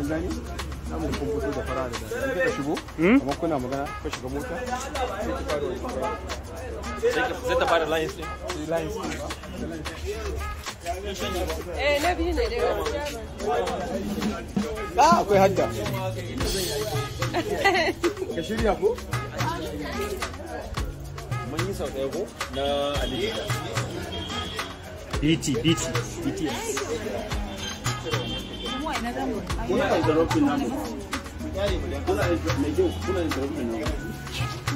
sun gani samu kun fito da fara da da shigo hmm? amma kuna magana ka shiga mota sai ta fara eh na biyu ne ah, akwai hadda ka shirya ko mun yi sau ko na BT, BT, BTS. kuna interrupting namu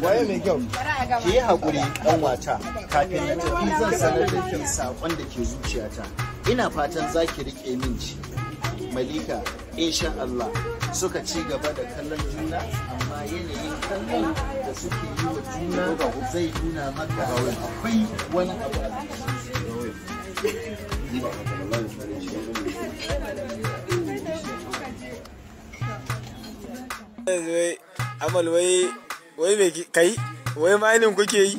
waye mai kyau ki yi haƙuri ɗan wata kafin na tafi zan sanar da kin saƙon da ke zuciyata ina fatan za ki riƙe min ci malika insha Allah suka ci gaba da kallon juna amma yanayin kallon da suke yi wa juna zai nuna maka akwai wani abu a yanzu Amal wai wai me kai wai mainin kuke yi